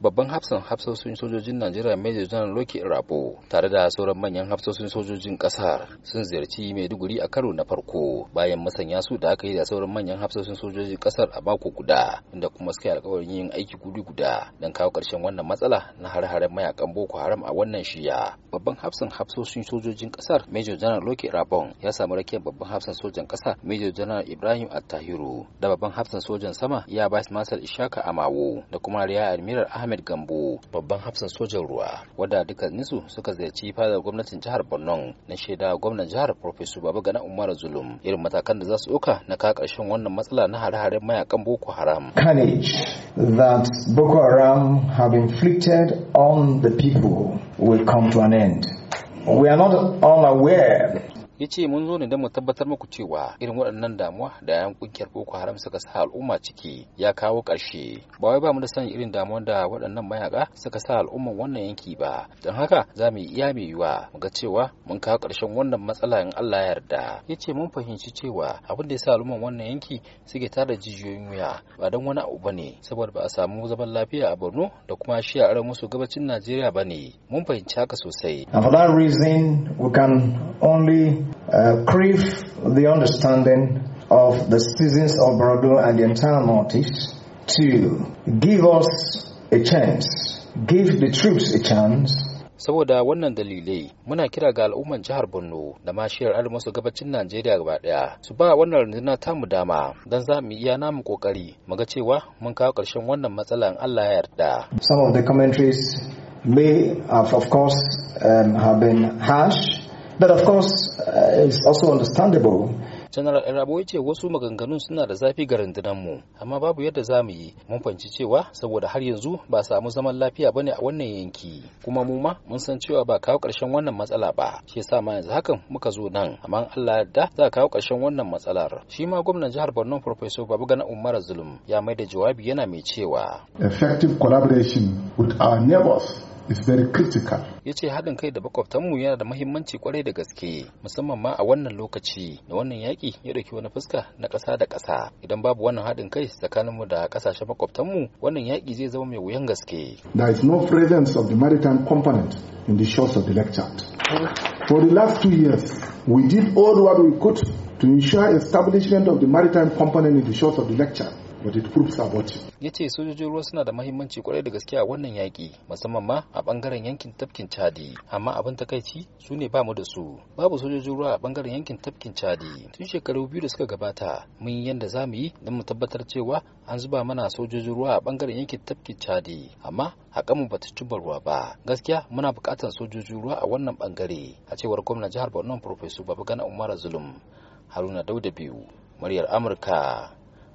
babban hafsan hafsoshin sojojin najeriya major general loke rabo tare da sauran manyan hafsoshin sojojin kasar sun ziyarci maiduguri a karo na farko bayan masanya su da aka yi da sauran manyan hafsoshin sojojin kasar a mako guda inda kuma suka yi alkawarin yin aiki guri guda don kawo karshen wannan matsala na har-haren mayakan boko haram a wannan shiya babban hafsan hafsoshin sojojin kasar major general loke rabon ya samu rakiyar babban hafsan sojan kasa major general ibrahim attahiru da babban hafsan sojan sama ya bas marshal ishaka amawo da kuma riya admiral ahmed Ahmed Gambo babban hafsan sojan ruwa wadda nisu suka ziyarci fadar gwamnatin jihar Borno na shaida gwamnan jihar Professor Gana Umar Zulum irin matakan da za su uka na ka karshen wannan matsala na hare-haren mayakan Boko Haram. Carnage that Boko Haram have inflicted on the people will come to an end. We are not all aware ya ce mun zo ne don mu tabbatar muku cewa irin waɗannan damuwa da yan kungiyar boko haram suka sa al'umma ciki ya kawo ƙarshe ba wai ba mu da san irin damuwa da waɗannan mayaka suka sa al'umman wannan yanki ba don haka za mu iya mai yiwa mu ga cewa mun kawo ƙarshen wannan matsala in Allah ya yarda ya ce mun fahimci cewa abin da ya sa al'umman wannan yanki suke tara jijiyoyin wuya ba don wani abu bane saboda ba a samu zaman lafiya a Borno da kuma shi a musu gabacin Najeriya bane mun fahimci haka sosai and uh, crave the understanding of the seasons of Bordeaux and the entire Northeast to give us a chance, give the troops a chance saboda wannan dalilai muna kira ga al'umman jihar borno da mashiyar shiyar maso gabacin najeriya gaba daya su ba wannan runduna tamu dama don za mu iya namu kokari mu ga cewa mun kawo ƙarshen wannan matsalan allah ya yarda some of the commentaries may have of course um, have been harsh But of course uh, is also understandable. General Arabo ya ce wasu maganganun suna da zafi ga mu amma babu yadda za mu yi mun fahimci cewa saboda har yanzu ba samu zaman lafiya bane a wannan yanki kuma mu ma mun san cewa ba kawo ƙarshen wannan matsala ba shi yasa ma yanzu hakan muka zo nan amma Allah da za kawo ƙarshen wannan matsalar shi ma gwamnan jihar Borno Professor Gana Umar Zulum ya mai da jawabi yana mai cewa effective collaboration with our neighbors is very critical. Ya ce haɗin kai da mu yana da mahimmanci kwarai da gaske musamman ma a wannan lokaci da wannan yaƙi ya ɗauki wani fuska na ƙasa da ƙasa. Idan babu wannan haɗin kai tsakaninmu da ƙasashen makwabtanmu wannan yaƙi zai zama mai wuyan gaske. There is no presence of the maritime component in the shores of the Lake Chad. For the last two years, we did all what we could to ensure establishment of the maritime component in the shores of the Lake Chad. but it proves about ya ce sojojin ruwa suna da mahimmanci kwarai da gaske a wannan yaƙi musamman ma a bangaren yankin tafkin chadi amma abin takaici su ne ba mu da su babu sojojin ruwa a bangaren yankin tafkin chadi tun shekaru biyu da suka gabata mun yi yadda za mu yi don mu tabbatar cewa an zuba mana sojojin ruwa a bangaren yankin tafkin chadi amma haƙamu ba ta cimma ruwa ba gaskiya muna buƙatar sojojin ruwa a wannan bangare a cewar gwamnan jihar borno professor gana umar zulum haruna dauda biyu muryar amurka